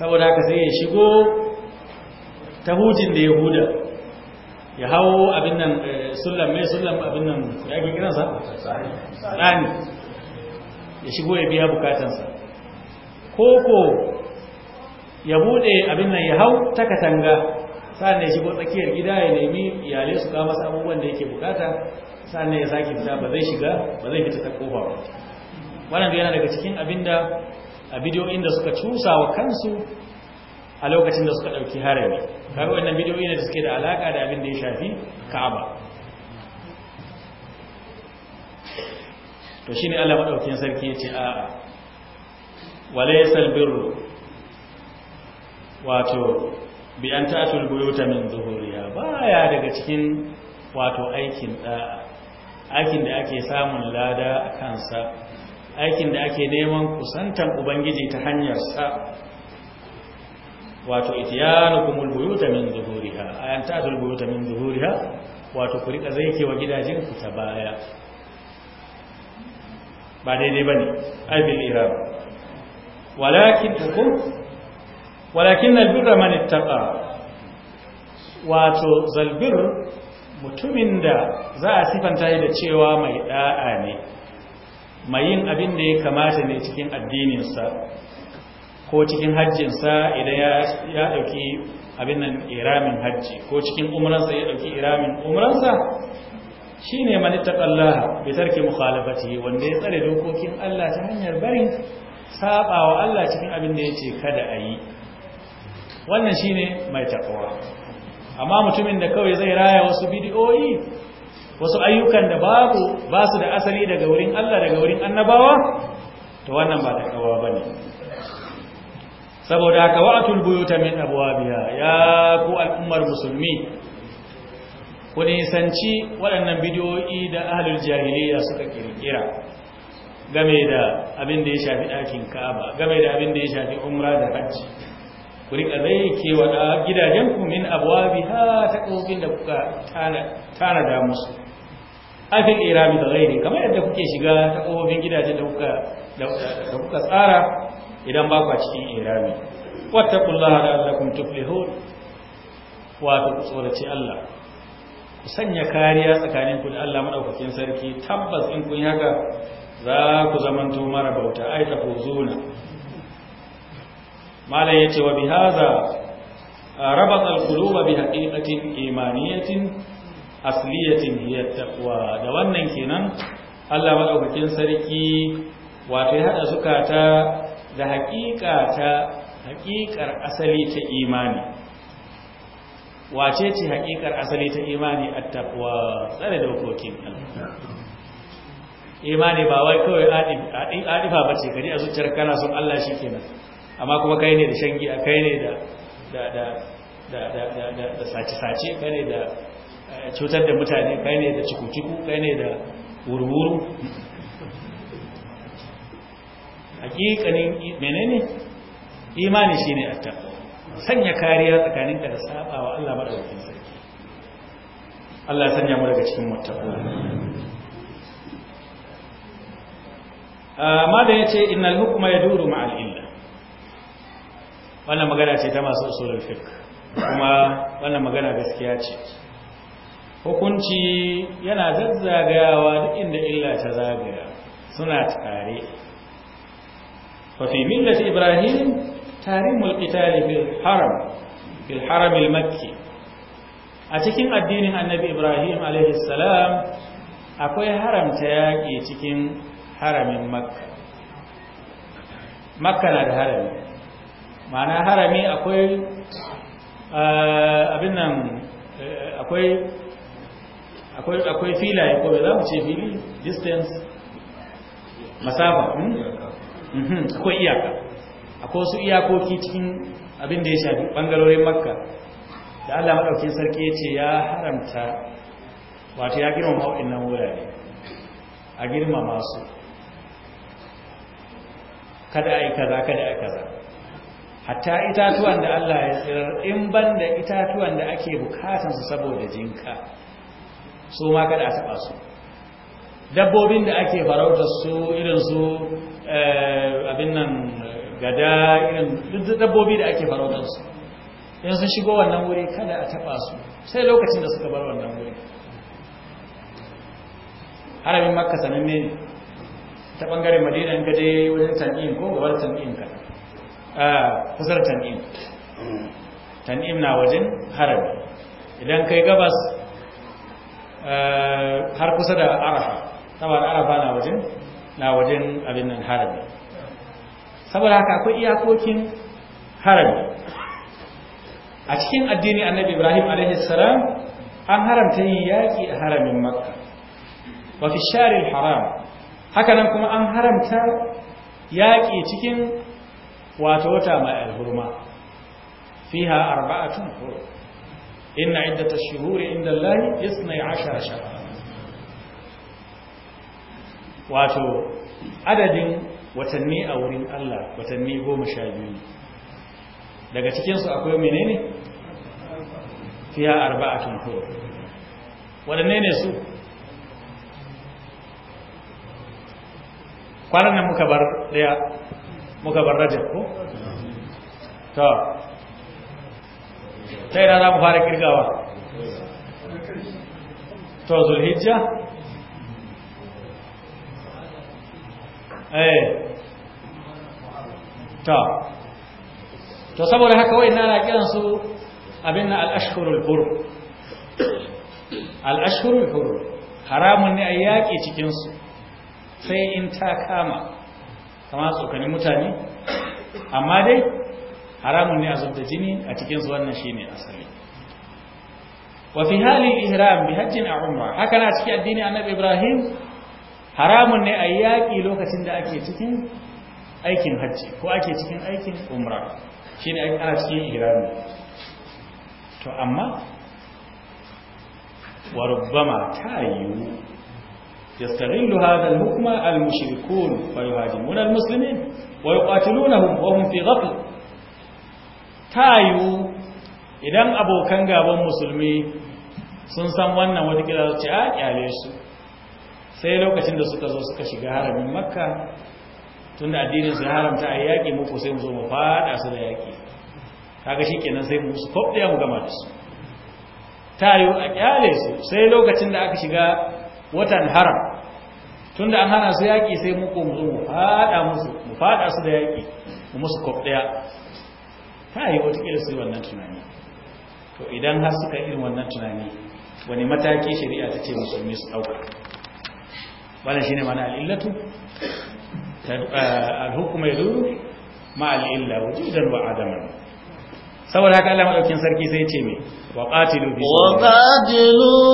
saboda haka sai ya shigo ta hujin da ya ya hawo abin nan eh, sullam mai abin nan ya ake kiransa tsani ya shigo ya biya bukatansa koko ya bude abin nan ya hau ta katanga sa'an ya shigo tsakiyar gida ya nemi iyalai su ga masa abubuwan da yake bukata sa'an ya sake fita ba zai shiga ba zai fita ta kofa ba wannan yana daga cikin abin da a bidiyoyin da suka cusa wa kansu a lokacin da suka ɗauki harami kaga wannan bidiyoyi ne da suke da alaka da abin da ya shafi ka'aba to shine Allah madaukakin sarki ya ce a'a walaysal birru wato bi an tatul buyuta min zuhuriya baya daga cikin wato aikin da aikin da ake samun lada a kansa aikin da ake neman kusantan ubangiji ta hanyar sa wato itiyanukumul buyuta min zuhuriha ayan tatul buyuta min zuhuriha wato ku rika ke wa gidajen ku ta baya ba daidai bane ai bil irab walakin hukum walakin na birra mani taɓa wato zalbir mutumin da za a sifanta yi da cewa mai ɗa'a ne mai yin abin da ya kamata ne cikin addininsa ko cikin hajjinsa idan ya ɗauki abin nan iramin hajji ko cikin umaransa ya ɗauki iramin umaransa shi ne manittaƙallaha bai tarki mukhalafati wanda ya tsare dokokin Allah ta hanyar barin saɓawa Allah cikin abin da ya ce kada a yi wannan shine mai takawa amma mutumin da kawai zai raya wasu bidiyoyi wasu ayyukan da babu ba su da asali daga wurin Allah daga wurin annabawa to wannan ba takawa bane saboda haka wa'atul buyuta min abwabiha ya ku al'ummar musulmi ku nisanci waɗannan bidiyoyi da ahlul jahiliya suka kirkira game da abin da ya shafi ɗakin Ka'aba game da abin da ya shafi umra da hajji ku riƙa zai wa gidajenku min ha ta kofin da kuka tana da musu afil irami da gairi kamar yadda kuke shiga ta kofin gidajen da kuka da kuka tsara idan ba ku cikin irami wattaqullaha la'allakum tuflihun wato ku tsorace Allah ku sanya kariya tsakaninku da Allah madaukakin sarki tabbas in kun haka za ku zamanto mara bauta ai ta malam ce wa bi haza al alquluba bi haqiqatin imaniyatin asliyatin hiya taqwa da wannan kenan Allah madaukakin sarki wato ya hada zukata da haqiqa ta haqiqar asali ta imani wace ce haqiqar asali ta imani at-taqwa tsare dokokin Allah imani ba wai kawai adifa bace gari a zuciyar kana son Allah shikenan amma kuma kai ne da shan a kai ne da da sace-sace kai ne da eh, cutar da mutane kai ne da cikuciku kai ne da wurwuru hakikanin menene imani shi ne attaqwa sanya kariya tsakaninka da sabawa Allah madaukakin sarki Allah sanya mu daga cikin muttaqin ah, amma da ya ce yace innal ya duru ma'al wannan magana ce ta masu usulun fiqh kuma wannan magana gaskiya ce hukunci yana zazzagawa duk inda illa ta zagaya suna tare fa fi millati ibrahim tarimul qital bil haram bil haram al makki a cikin addinin annabi ibrahim alaihi salam akwai haramta yaƙi cikin haramin makka makka na da harami ma'ana harami akwai eh, abin nan eh, akwai akwai filaye ko za mu ce fili distance masafa hmm? hmm, akwai iyaka akwai wasu iyakoki cikin abin da ya shafi bangarorin makka da allah maɗaukin sarki ya ce ya haramta wato ya girmama nan wurare a girmama su kada a yi kaza kada a yi kaza hatta itatuwan da Allah ya tsirar in ban da itatuwan da ake bukatansu saboda jinka su ma kada a taɓa su dabbobin da ake farauta su irin su eh, abin nan gada irin dabbobi da ake farauta su in sun shigo wannan wuri kada a taɓa su sai lokacin da suka bar wannan wuri haramin makka sananne ta ɓangaren madina in gaje wajen tan'in ko gabar tan'in ka kusur tan'im tan'im na wajen harami idan kai gabas har kusa da arafa saboda arafa na wajen na wajen abin nan harami saboda haka akwai iyakokin harami a cikin addini annabi ibrahim a.s. an haramta yin yaƙi a haramin makka wafi sharin haram hakanan kuma an haramta yaƙi cikin wato wata mai alhurma fiha arba'atun hurum inna iddata shuhuri inda Allah isnai ashara shahara wato adadin watanni a wurin Allah watanni goma sha biyu daga cikinsu akwai menene fiya arba'atun hurum waɗanne ne su kwanan nan muka bar ɗaya muka bar rajab ko ta ta da za mu fara kirgawa to zulhijja eh ta to saboda haka wai na su abin na al-ashhurul hurum al haramun ne a yaƙi cikinsu sai in ta kama kama tsokani mutane amma dai haramun ne a zubta jini a cikin su shi ne asali wa fi hali ihram bi hajjin a umra haka na ciki addini annabi ibrahim haramun ne a yaƙi lokacin da ake cikin aikin hajji ko ake cikin aikin umra shine ana cikin ihram to amma wa rubbama ta yiwu يستغل هذا الحكم المشركون فيهاجمون المسلمين ويقاتلونهم وهم في غفل تايو idan abokan gaban musulmi sun san wannan wata kira su ce a kyale su sai lokacin da suka zo suka shiga haramin makka tun da addinin su haramta a yaƙi muku sai mu zo mu faɗa su da yaƙi kaga shi kenan sai mu su kwabɗaya mu gama da su tayo a kyale su sai lokacin da aka shiga watan haram tun da an hana su yaƙi sai muku mu mu faɗa musu mu faɗa su da yaƙi mu musu kwaf ɗaya ta yi watakila su wannan tunani to idan har suka irin wannan tunani wani mataki shari'a ta ce musulmi su ɗauka wannan shine mana al'illatu eh, al-hukmu ma al'illa wujudan wa adaman saboda haka Allah madaukin sarki sai ce me wa qatilu fi wa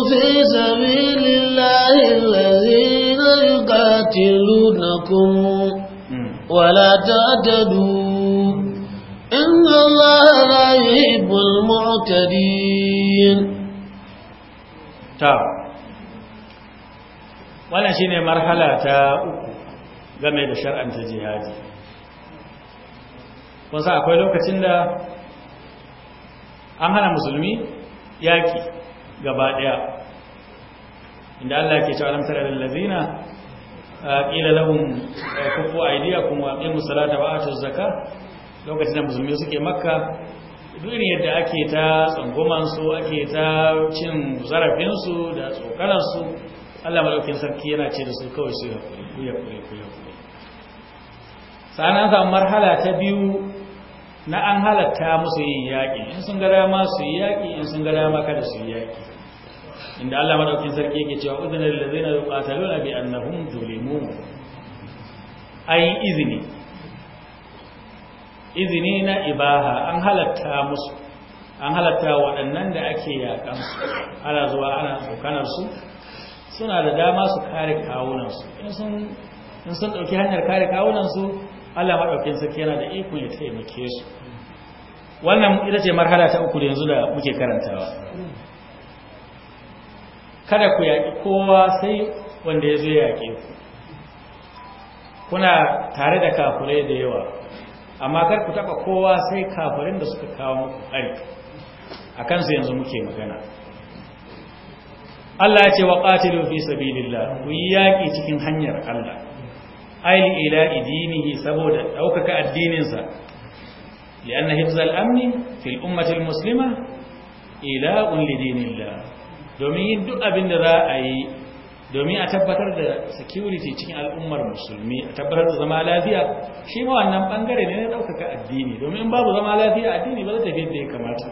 fi sabilillahi allazina yuqatilunakum hmm. wa la tadadu innallaha la yuhibbul mu'tadin ta wannan shine marhala ta uku game da ta jihadi kun akwai lokacin da an hana musulmi yaki gaba daya inda Allah ke cewa alamtar alal ladina qila lahum kufu aydiyakum wa aqimu salata wa atu zakka lokacin da musulmi suke makka duk yadda ake ta tsangoman su ake ta cin zarafin su da tsokaran su Allah madaukin sarki yana ce da su kawai su ya kure kure kure sanan ga marhala ta biyu na an halatta musu yin yaƙi in sun ga dama su yi yaƙi in sun ga dama kada su yi yaƙi inda Allah madaukin sarki yake cewa udana lil ladzina yuqataluna bi annahum zulimu ai izini izini na ibaha an halatta musu an halatta waɗannan da ake yaƙan ana zuwa ana tsokanar su suna da dama su kare kawunansu in sun ɗauki hanyar kare kawunansu Allah maɗaukin sarki yana da ikon ya taimake su wannan ita ce marhala ta uku da yanzu da muke karantawa kada ku yaƙi kowa sai wanda ya zo ya ku kuna tare da kafurai da yawa amma kar ku taɓa kowa sai kafurin da suka kawo muku ƙari a kansu yanzu muke magana Allah ya ce wa ƙatilu fi sabilillah ku yi yaƙi cikin hanyar Allah aili ila idinihi saboda ɗaukaka addininsa li'anna hifzal amni fil ummatil muslima ila ulli dinillah domin yin duk abin da za a yi domin a tabbatar da security cikin al'ummar musulmi a tabbatar da zama lafiya shi ma wannan bangare ne na ɗaukaka addini domin babu zama lafiya addini ba zai tafi da ya kamata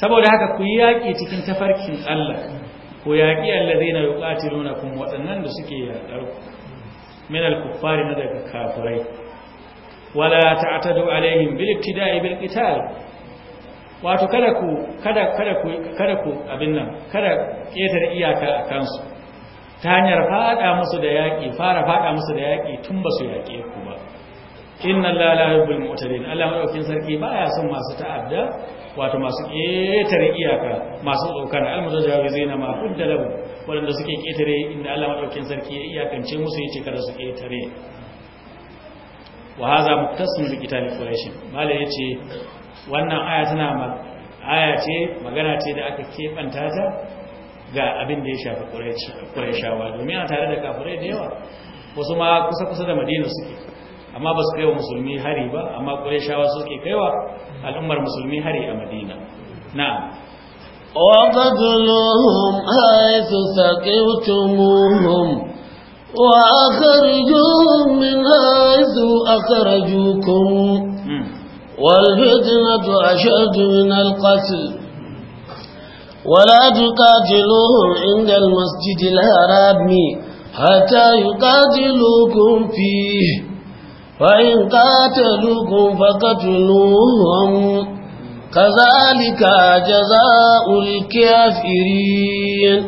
saboda haka ku yi yaƙi cikin tafarkin Allah ku yaƙi Allah zai allazina yuqatilunakum waɗannan da suke yaƙar min al-kuffari na daga kafirai wala ta'tadu alaihim bil ibtida'i bil qital wato kada ku kada kada ku kada ku abin nan kada ketare iyaka a kansu ta hanyar fada musu da yaki fara fada musu da yaki tun ba su yake ku ba inna allaha la yuhibbul mu'tadin Allah madaukin sarki baya son masu ta'adda wato masu ketare iyaka masu tsokana al-mutazawizina ma kudda lahu waɗanda suke ƙetare inda Allah maɗaukin sarki ya iyakance musu ya ce kada su ƙetare wa haza muktasim bi qital quraish mala yace wannan aya tana aya ce magana ce da aka kebanta ta ga abin da ya shafi quraishawa domin a tare da kafirai da yawa wasu ma kusa kusa da madina suke amma ba su kaiwa musulmi hari ba amma quraishawa suke kaiwa al'ummar musulmi hari a madina na'am وقتلوهم حيث ثقفتموهم وأخرجوهم من حيث أخرجوكم والفتنة أشد من القتل ولا تقاتلوهم عند المسجد الحرام حتى يقاتلوكم فيه فإن قاتلوكم فقتلوهم كذلك جزاء الكافرين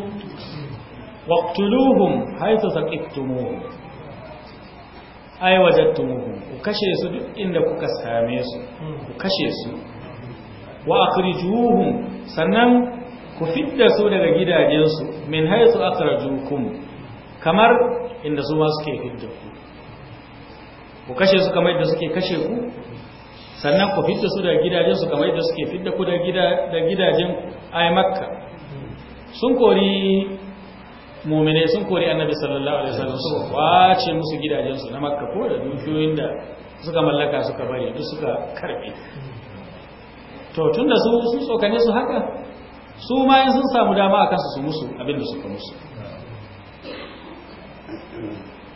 واقتلوهم حيث ثقفتموهم اي وجدتموهم وكشه su duk inda kuka same su ku kashe su wa sannan ku fidda su daga gidajen su min haythu akhrajukum kamar inda su ma suke fidda ku ku kashe su kamar da suke kashe ku sannan ku fitta su daga gidajensu kamar yadda suke fitta ku da gidajen ai makka sun kori mumine sun kori annabi sallallahu alaihi wasallam su kwace musu gidajensu na makka ko da dukiyoyin da suka mallaka suka bari duk suka karbe to tunda su su tsokane su haka su ma sun samu dama a kansu su musu abin da suka musu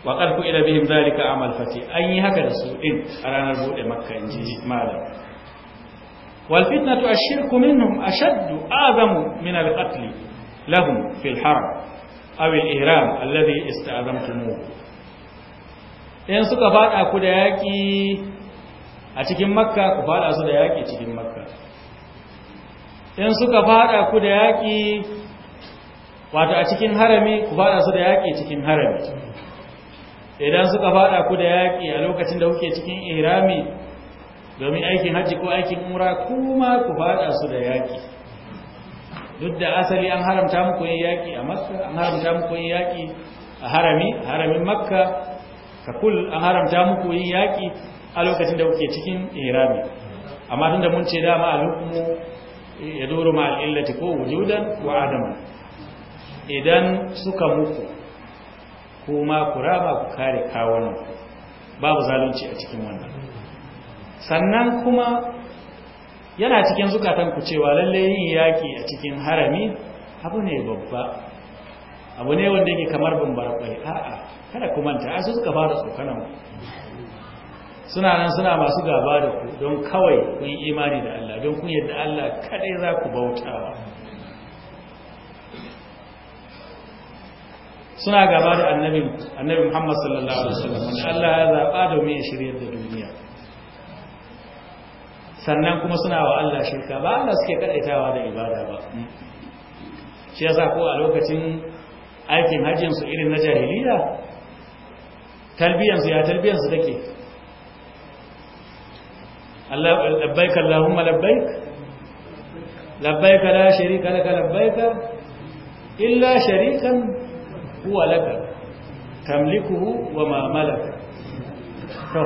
wa ƙarfi ila bihim zalika amal fati an yi haka da su din a ranar bude makka in ji malam wal fitnatu ashirku minhum ashaddu azamu min al qatl lahum fil haram aw al ihram alladhi ista'zamtum in suka fada ku da yaki a cikin makka ku fada su da yaki cikin makka in suka fada ku da yaki wato a cikin harami ku fada su da yaki cikin harami idan suka fada ku da yaƙi a lokacin da kuke cikin ihrami domin aikin hajji ko aikin umra kuma ku fada su da yaƙi duk da asali an haramta muku yin yaƙi a makka an haramta muku yin yaƙi a harami haramin makka ka kul an haramta muku yin yaƙi a lokacin da kuke cikin ihrami amma tun da mun ce dama alhukumu ya doro ma al'illati ko wujudan wa adama idan suka muku ko ma ku raba ku kare kawunan babu zalunci a cikin wannan sannan kuma yana cikin zukatan ku cewa lalle yin yaki a cikin harami abu ne babba abu ne wanda yake kamar bambara kwai a'a kada ku manta a su suka fara tsokanan suna nan suna masu gaba da ku don kawai kun imani da Allah don kun yadda Allah kadai za ku bautawa suna gaba da annabi annabi Muhammad sallallahu alaihi wasallam wanda Allah ya zaba domin ya shirye da duniya sannan kuma suna wa Allah shirka ba Allah suke kadaitawa da ibada ba shi yasa ko a lokacin aikin hajjin su irin na jahiliya talbiyan su ya talbiyan su take Allah labbaik Allahumma labbaik labbaik la sharika laka labbaik illa sharikan huwa laka tamlikuhu wa ma malaka to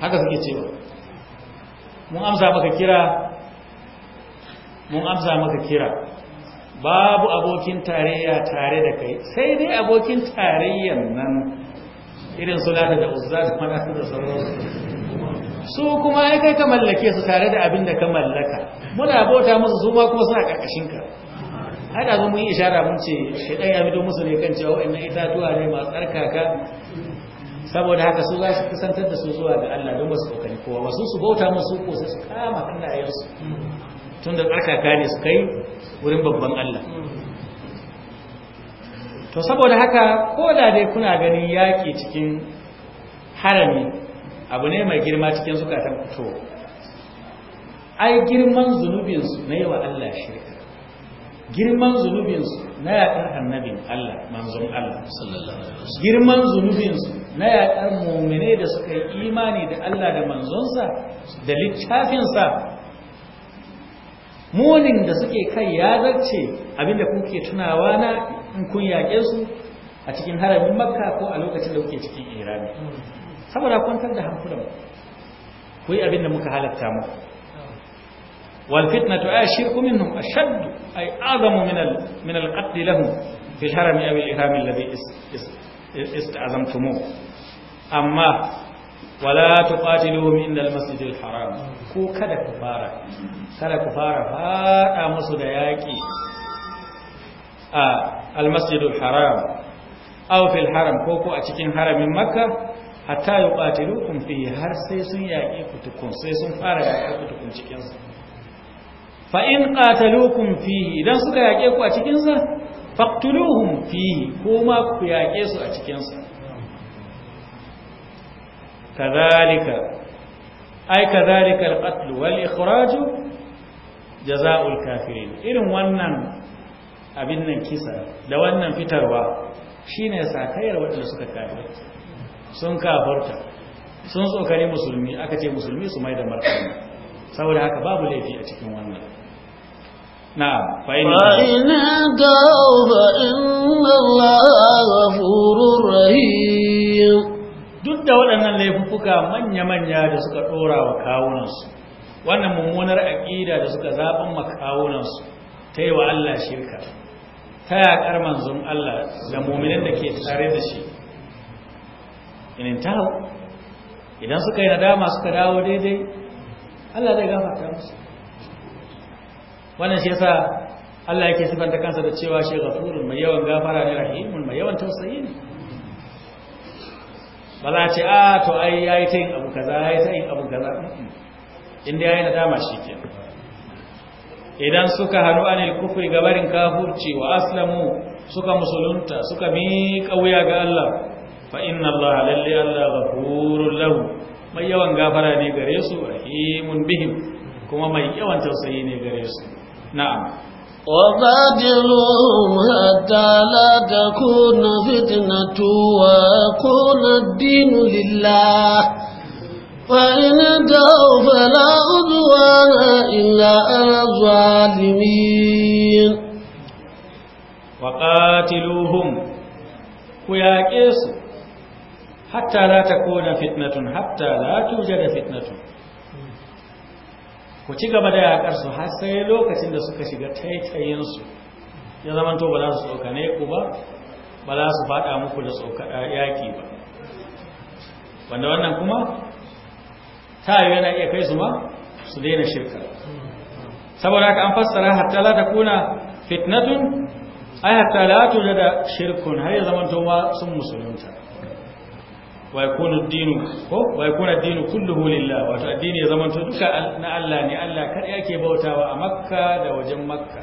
haka suke cewa mun amsa maka kira mun amsa maka kira babu abokin tarayya tare da kai sai dai abokin tarayyan nan irin su da uzza da su da sauransu su kuma ai kai ka mallake su tare da abin da ka mallaka muna bauta musu su ma kuma suna karkashin ka haka da mun yi ishara mun ce shaidan ya fito musu ne kan cewa wa'annan itatuwa ne masu tsarkaka saboda haka su za su kusantar da su zuwa ga Allah don wasu kokari kowa wasu su bauta musu ko su kama hannayensu tun da tsarkaka ne su kai wurin babban Allah to saboda haka ko da dai kuna ganin yaƙi cikin harami abu ne mai girma cikin zukatan fito ai girman zunubinsu na yawa wa Allah shirka girman zunubinsu na yaƙar annabin Allah manzon Allah girman zunubinsu na yaƙar mummune da suka yi imani da Allah da manzonsa da littafinsa munin da suke kai ya zarce abinda kuke tunawa na in kun yaƙe su a cikin haramin makka ko a lokacin da kuke cikin irani saboda kwantar da hankulan ku abinda muka halatta muku والفتنة أشرك منهم أشد أي أعظم من من القتل لهم في الحرم أو الإحرام الذي استعظمتموه أما ولا تقاتلوهم عند المسجد الحرام كو كذا كفارة كذا كفارة فارا مصد ياكي آه، المسجد الحرام أو في الحرم كوكو أتكين حرم من مكة حتى يقاتلوكم فيه هر سيسن ياكي كتكون سيسن فارا ياكي كتكون تكون سيسن fa in fihi idan suka yake ku a cikin sa faqtuluhum ko kuma ku yaƙe su a cikin sa ai ay kadhalika al-qatl wal ikhraj jazaa'ul kafirin irin wannan abin nan kisa da wannan fitarwa shine sakayar waɗanda suka kafirta sun kafarta sun tsokane musulmi aka ce musulmi su mai da martani saboda haka babu laifi a cikin wannan نعم فإن اهتدوا فإن الله غفور رحيم duk da waɗannan laifuka manya-manya da suka ɗora wa kawunansu wannan mummunar aƙida da suka zaɓin kawunansu, ta yi wa Allah shirka ta ƙarman zun Allah da muminin da ke tare da shi inin taho idan suka yi nadama suka dawo daidai Allah zai gafarta musu wannan shi yasa Allah yake sifanta kansa da cewa shi ghafurun mai yawan gafara ne rahimun mai yawan tausayi ne ba za ce a ah, to ai yayi ta yin abu kaza yayi ta yin abu kaza inda yayi nadama ke. idan suka hanu anil kufri gabarin kafurci wa aslamu suka musulunta suka mi kauya ga Allah fa inna Allah lalle Allah ghafurun lahu mai yawan gafara ne gare su rahimun bihim kuma mai yawan tausayi ne gare su نعم وبادروا حتى لا تكون فتنة ويكون الدين لله فإن انتهوا فلا عدوان إلا على الظالمين وقاتلوهم وياكسوا حتى لا تكون فتنة حتى لا توجد فتنة ku ci gaba da yakar su har sai lokacin da suka shiga taitayin su ya zama to ba za su tsokane ku ba ba za su fada muku da tsokada yaki ba wanda wannan kuma ta yi yana iya kai su ma su daina shirka saboda haka an fassara hatta la kuna fitnatun ai hatta la da shirkun har ya zama to sun musulunta wa ya kuna dinu ko lillah wato addini ya zamanta duka na Allah ne Allah kadai yake bautawa a Makka da wajen Makka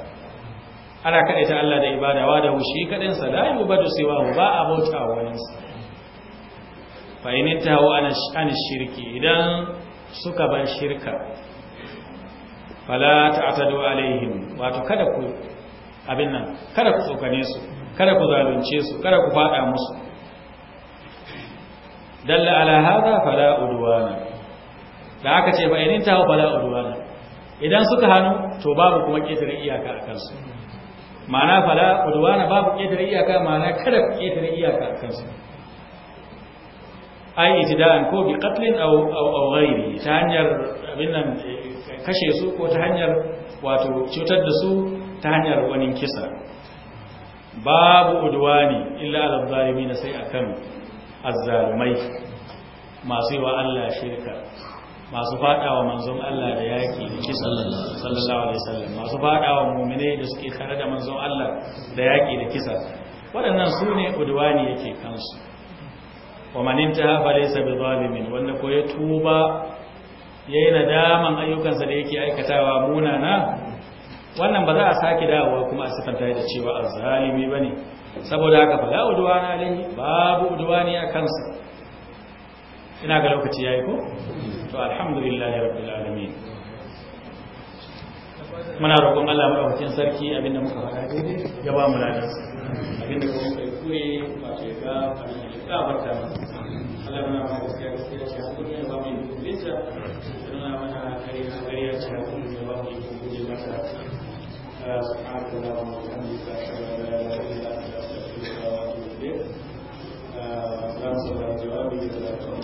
ana ta Allah da ibada wa da hushi kadan sa da la sai siwahu ba a bautawa wani fa wa tawo an shirki idan suka ban shirka fala ta'tadu alaihim wato kada ku abin nan kada ku tsokane su kada ku zalunce su kada ku fada musu dalla ala hadha fala udwana da aka ce ba inin tawo fala udwana idan suka hanu to babu kuma ketare iyaka a kansu ma'ana fala udwana babu ketare iyaka ma'ana kada ku ketare iyaka a kansu ai itida'an ko bi qatlin aw aw aw ghairi ta hanyar abin nan eh, kashe su ko ta hanyar wato cutar da su ta hanyar wani kisa babu udwani illa al-zalimin sai akan azzalumai masu yi wa Allah shirka masu faɗawa manzon Allah da yaki da shi sallallahu alaihi wasallam masu faɗawa mu'mine da suke tare da manzon Allah da yaki da kisa waɗannan su ne udwani yake kansu wa man intaha fa laysa bi zalimin wanda ko ya tuba yayi nadaman ayyukansa da yake aikatawa munana wannan ba za a sake dawowa kuma a sifanta da cewa azzalimi bane saboda haka fala udwana alaihi babu udwani a kansa ina ga lokaci yayi ko to alhamdulillahi rabbil alamin muna roƙon Allah madaukakin sarki abinda muka fara daidai ya ba mu ladan abinda kuma kai kure ba ce ga ka barka Allah muna ma gaskiya gaskiya ce hakuri ya ba mu bisa muna mana kare kare ya ce hakuri ya ba mu guje masa subhanallahi wa bihamdihi la ilaha illa langsung dari jawab di dalam